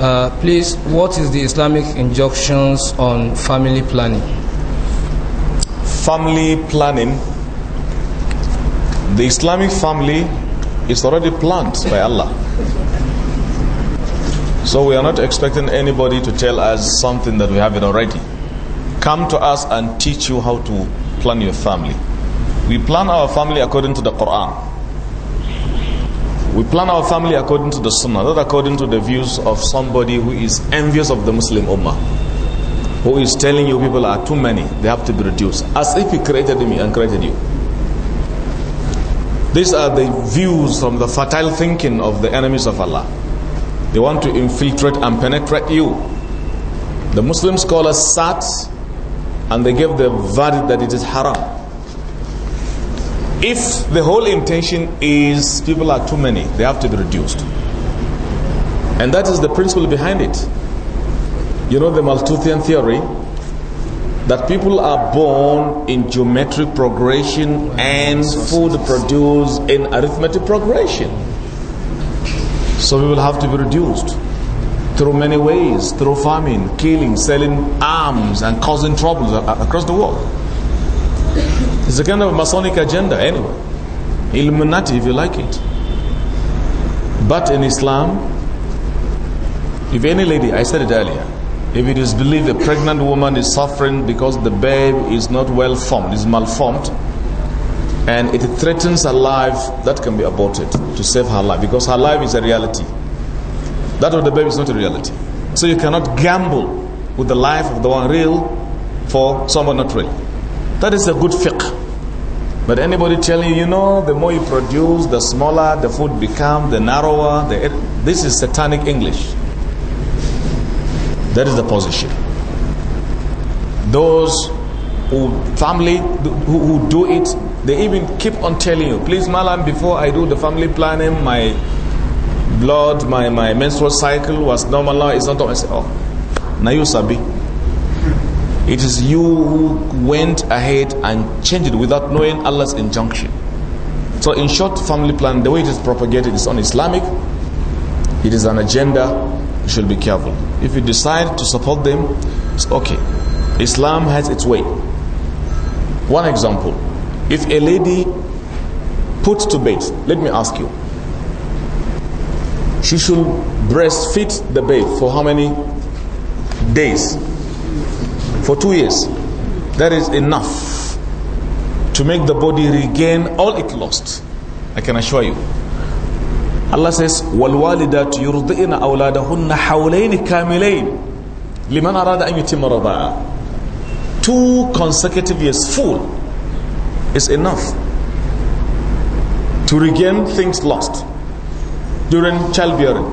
Uh, please, what is the Islamic injunctions on family planning? Family planning. The Islamic family is already planned by Allah. So we are not expecting anybody to tell us something that we have it already. Come to us and teach you how to plan your family. We plan our family according to the Quran. We plan our family according to the sunnah, not according to the views of somebody who is envious of the Muslim ummah, who is telling you people are too many, they have to be reduced, as if he created me and created you. These are the views from the fertile thinking of the enemies of Allah. They want to infiltrate and penetrate you. The Muslim scholars sat and they gave the verdict that it is haram. If the whole intention is people are too many, they have to be reduced. And that is the principle behind it. You know the Malthusian theory that people are born in geometric progression and food produced in arithmetic progression. So we will have to be reduced through many ways, through famine, killing, selling arms and causing troubles across the world. It's a kind of Masonic agenda anyway. Illuminati if you like it. But in Islam, if any lady, I said it earlier, if it is believed a pregnant woman is suffering because the babe is not well formed, is malformed, and it threatens her life, that can be aborted to save her life because her life is a reality. That of the babe is not a reality. So you cannot gamble with the life of the one real for someone not real. That is a good fiqh. But anybody telling you, you know, the more you produce, the smaller the food becomes, the narrower, the, this is satanic English. That is the position. Those who family who, who do it, they even keep on telling you, please, Malam, before I do the family planning, my blood, my, my menstrual cycle was normal. it's not normal. I say, oh, now you sabi. It is you who went ahead and changed it without knowing Allah's injunction. So in short, family plan, the way it is propagated is un-Islamic. It is an agenda. You should be careful. If you decide to support them, it's okay. Islam has its way. One example. If a lady put to bed, let me ask you. She should breastfeed the babe for how many days? for two years. That is enough to make the body regain all it lost. I can assure you. Allah says, وَالْوَالِدَاتُ يُرْضِئِنَ أَوْلَادَهُنَّ حَوْلَيْنِ كَامِلَيْنِ لِمَنْ أَرَادَ أَنْ يُتِمَّ رَضَاءَ Two consecutive years full is enough to regain things lost during childbearing.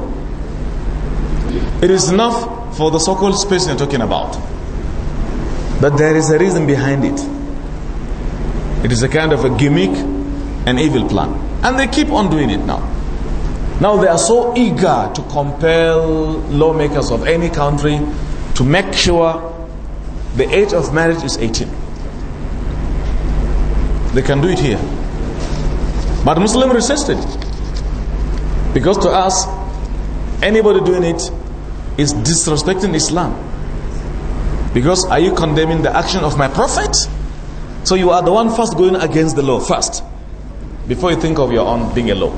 It is enough for the so-called space you're talking about. But there is a reason behind it. It is a kind of a gimmick, an evil plan. And they keep on doing it now. Now they are so eager to compel lawmakers of any country to make sure the age of marriage is 18. They can do it here. But Muslim resisted. Because to us, anybody doing it is disrespecting Islam. Because are you condemning the action of my prophet? So you are the one first going against the law, first. Before you think of your own being a law.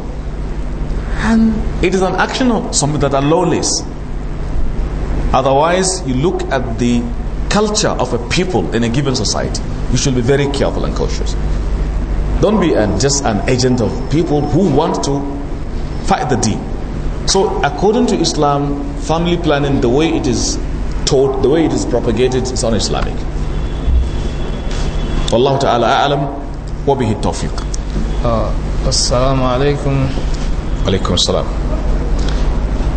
And um, it is an action of something that are lawless. Otherwise, you look at the culture of a people in a given society. You should be very careful and cautious. Don't be an, just an agent of people who want to fight the deen. So according to Islam, family planning, the way it is taught, the way it is propagated is un-Islamic. Allah ta'ala alam, wa bihi tawfiq. Uh, assalamu alaikum. Alaikum assalam.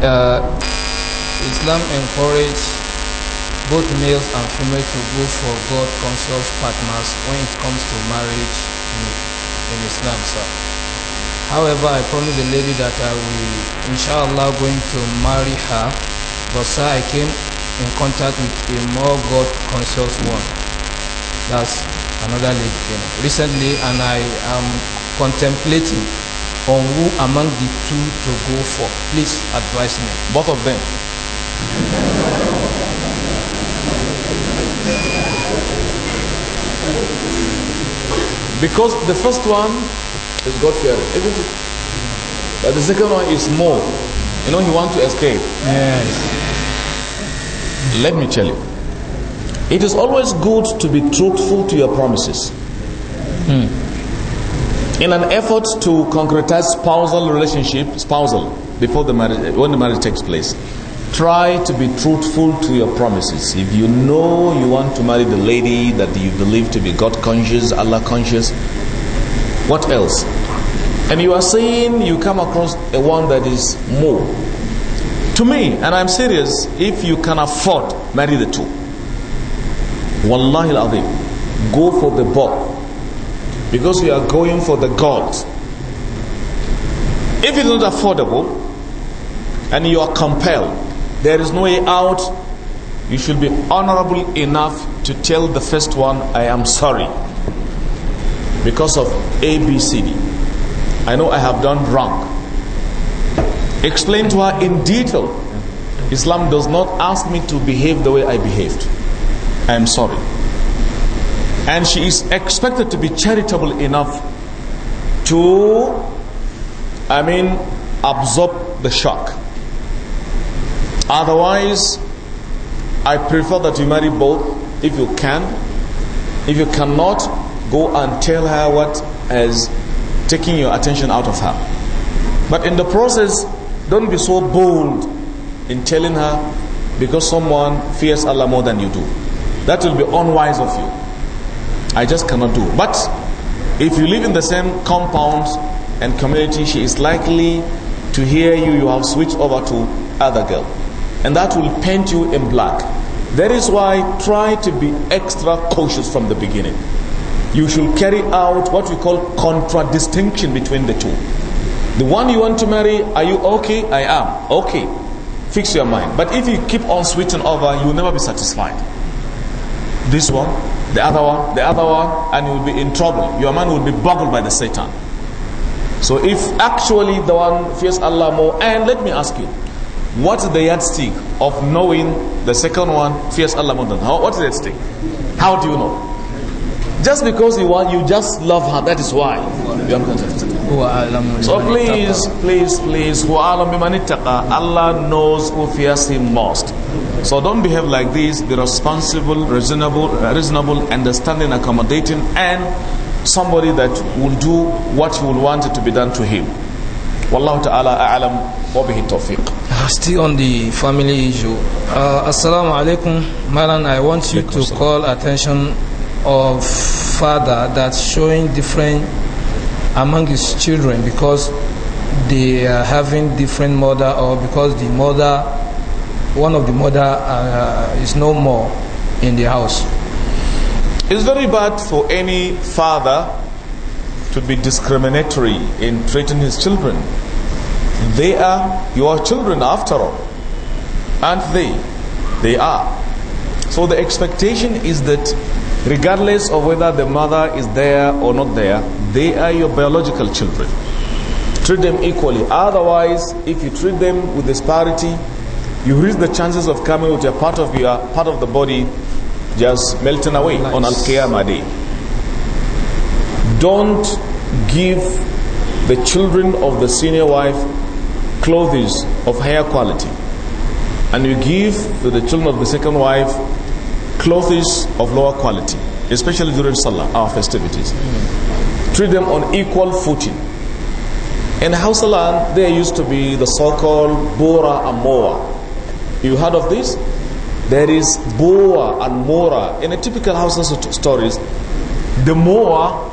Uh, Islam encourages both males and females to go for God conscious partners when it comes to marriage in, in Islam, sir. However, I promised the lady that I will, inshallah, going to marry her. But sir, I came in contact with a more God conscious one. That's another league Recently, and I am contemplating on who among the two to go for. Please advise me. Both of them. Because the first one is God fearing, isn't it? But the second one is more. You know, he wants to escape. Yes. Let me tell you. It is always good to be truthful to your promises. Mm. In an effort to concretize spousal relationship, spousal, before the marriage, when the marriage takes place, try to be truthful to your promises. If you know you want to marry the lady that you believe to be God conscious, Allah conscious, what else? And you are saying you come across a one that is more to me, and I'm serious, if you can afford, marry the two. Wallahi al Go for the both, Because you are going for the God. If it's not affordable, and you are compelled, there is no way out, you should be honorable enough to tell the first one, I am sorry. Because of ABCD. I know I have done wrong explained to her in detail, Islam does not ask me to behave the way I behaved. I am sorry. And she is expected to be charitable enough to, I mean, absorb the shock. Otherwise, I prefer that you marry both if you can. If you cannot, go and tell her what is taking your attention out of her. But in the process, don't be so bold in telling her because someone fears Allah more than you do. That will be unwise of you. I just cannot do. But if you live in the same compound and community, she is likely to hear you, you have switched over to other girl. And that will paint you in black. That is why try to be extra cautious from the beginning. You should carry out what we call contradistinction between the two. The one you want to marry, are you okay? I am. Okay. Fix your mind. But if you keep on switching over, you will never be satisfied. This one, the other one, the other one, and you will be in trouble. Your mind will be boggled by the Satan. So if actually the one fears Allah more, and let me ask you, what's the yardstick of knowing the second one fears Allah more than how? What's the yardstick? How do you know? Just because you want, you just love her, that is why you are contented. So please, please, please, Who Allah knows who fears him most. So don't behave like this. Be responsible, reasonable, reasonable, understanding, accommodating, and somebody that will do what you will want it to be done to him. Wallahu ta'ala a'alam wa bihi tawfiq. Ah, still on the family issue. Uh, assalamu alaikum. Malan, I want you to call attention of father that's showing different among his children because they are having different mother or because the mother one of the mother uh, is no more in the house it's very bad for any father to be discriminatory in treating his children they are your children after all aren't they they are so the expectation is that regardless of whether the mother is there or not there, they are your biological children. Treat them equally. Otherwise, if you treat them with disparity, you risk the chances of coming with a part of your part of the body just melting away nice. on Al-Qiyamah Day. Don't give the children of the senior wife clothes of higher quality. And you give to the children of the second wife clothes of lower quality, especially during Salah, our festivities. Treat them on equal footing. In land, there used to be the so-called Bora and Moa. You heard of this? There is Boa and Mora. In a typical Hausa stories, the Moa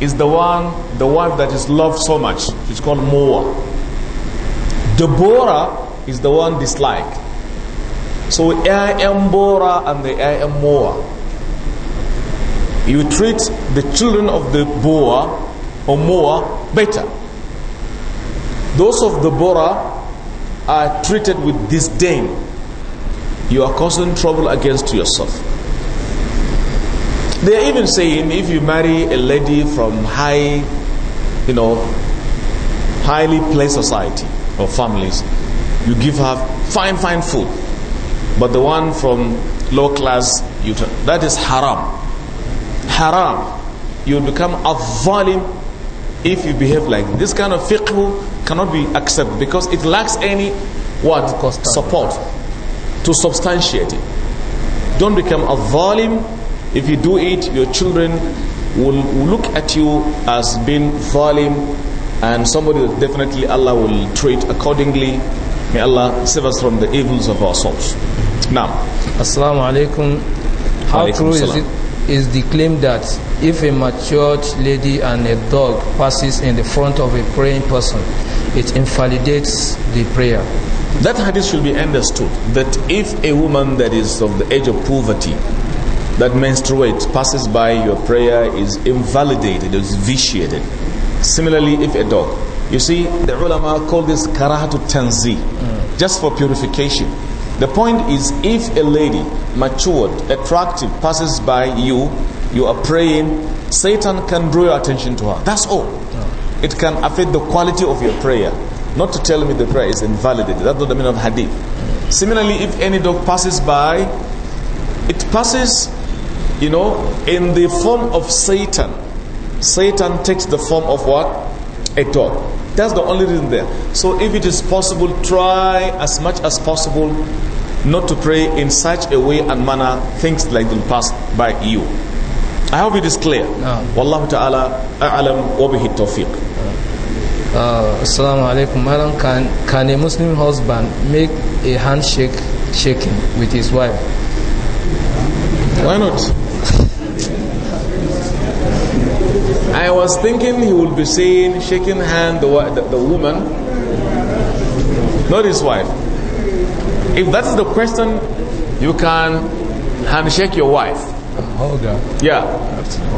is the one, the wife that is loved so much. She's called Moa. The Bora is the one disliked. So, So ‘ya'yan Bora and the the ‘ya'yan Moa. You treat the children of the Boa or Moa better. Those of the Bora are treated with disdain. You are causing trouble against yourself. They are even saying if you marry a lady from high, you know, highly placed society or families, you give her fine, fine food but the one from low class, Utah. that is haram. Haram. You will become a volume if you behave like this. this kind of fiqh cannot be accepted because it lacks any what support to substantiate it. Don't become a volume. If you do it, your children will look at you as being volume and somebody that definitely Allah will treat accordingly. May Allah save us from the evils of our souls. Now, Assalamu alaikum. How true is it is the claim that if a matured lady and a dog passes in the front of a praying person, it invalidates the prayer. That hadith should be understood that if a woman that is of the age of poverty that menstruates passes by your prayer is invalidated, is vitiated. Similarly, if a dog, you see, the ulama call this karahatu tanzi, mm. just for purification. The point is, if a lady, matured, attractive, passes by you, you are praying, Satan can draw your attention to her. That's all. It can affect the quality of your prayer. Not to tell me the prayer is invalidated. That's not the meaning of hadith. Similarly, if any dog passes by, it passes, you know, in the form of Satan. Satan takes the form of what? A dog. That's the only reason there. So if it is possible, try as much as possible not to pray in such a way and manner things like will pass by you. I hope it is clear. No. Wallahu ta'ala a'lam wa bihi tawfiq. Uh, assalamu alaikum. Madam, can, can a Muslim husband make a handshake shaking with his wife? Why not? I was thinking he would be saying, shaking hand, the, the, the woman, not his wife. If that is the question, you can handshake your wife. Yeah.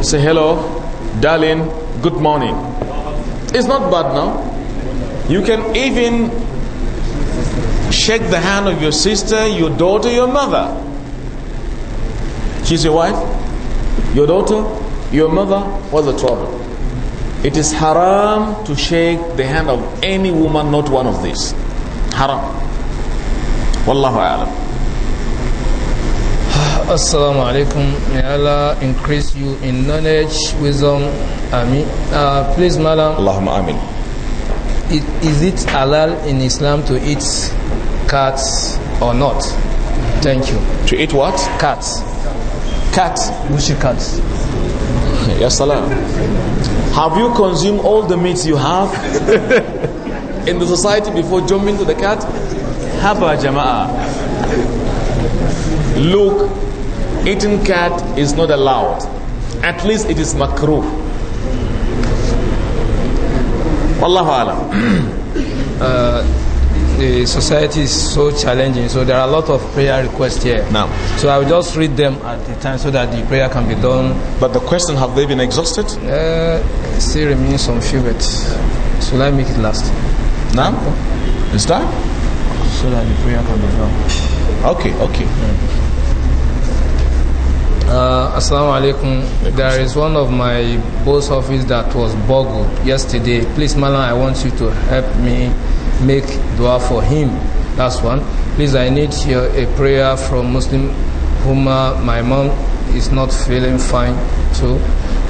Say hello, darling, good morning. It's not bad now. You can even shake the hand of your sister, your daughter, your mother. She's your wife, your daughter, your mother was a trouble. It is haram to shake the hand of any woman, not one of these. Haram. Wallahu alam. Assalamu alaikum. May Allah increase you in knowledge, wisdom. Amin. Uh, please, madam. Allahumma amin. It, is it halal in Islam to eat cats or not? Thank you. To eat what? Cats. Cats. Mushy cats. Ya salam. Have you consumed all the meats you have in the society before jumping to the cat? Haba Jama'a? Look, eating cat is not allowed. At least it is makruh. Wallahu alam. uh, the society is so challenging, so there are a lot of prayer requests here. Now, so I will just read them at the time so that the prayer can be done. But the question, have they been exhausted? Uh, still remains some few, but let me make it last? Now, it's time. So that the prayer can be done. Okay, okay. Uh, Assalamu alaikum. There is one of my boss office that was boggled yesterday. Please, Malan, I want you to help me make dua for him. That's one. Please, I need your, a prayer from Muslim whom uh, my mom is not feeling fine too.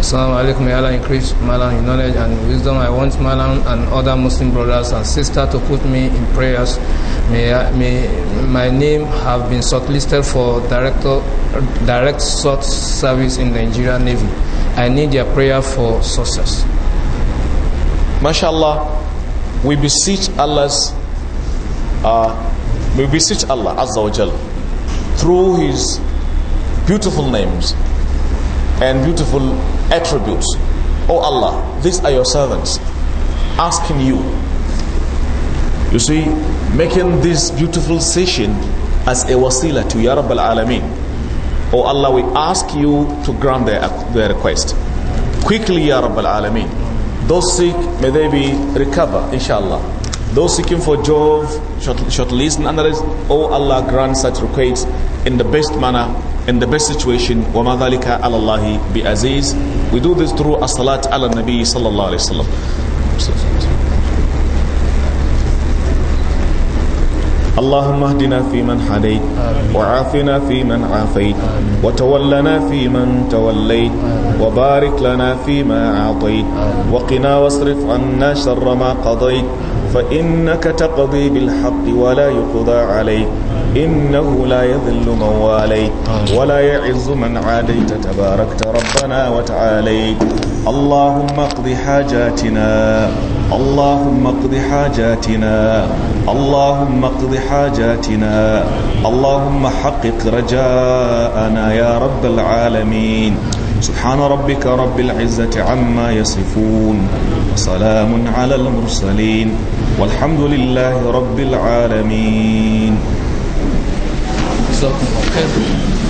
Assalamu alaikum. May Allah increase Malan in knowledge and wisdom. I want Malan and other Muslim brothers and sisters to put me in prayers. May, I, may my name have been shortlisted for director, direct sort service in the Nigerian Navy. I need your prayer for success. MashaAllah we beseech Allah's uh, we beseech Allah Azza wa Jal through his beautiful names and beautiful attributes oh Allah these are your servants asking you you see making this beautiful session as a wasila to Ya Rabbal Alameen oh Allah we ask you to grant their, their request quickly Ya Rabbal Alameen those sick, may they be recovered, inshallah. Those seeking for job, short, short list and others, oh Allah grant such requests in the best manner, in the best situation. وَمَا ذَلِكَ عَلَى اللَّهِ We do this through as-salat ala nabi sallallahu alayhi wasallam. اللهم اهدنا فيمن هديت وعافنا فيمن عافيت وتولنا فيمن توليت وبارك لنا فيما أعطيت وقنا واصرف عنا شر ما قضيت فإنك تقضي بالحق ولا يقضى عليك إنه لا يذل من واليت ولا يعز من عاديت تباركت ربنا وتعاليت اللهم اقض حاجاتنا اللهم اقض حاجاتنا اللهم اقض حاجاتنا اللهم حقق رجاءنا يا رب العالمين سبحان ربك رب العزة عما يصفون وسلام على المرسلين والحمد لله رب العالمين something like that.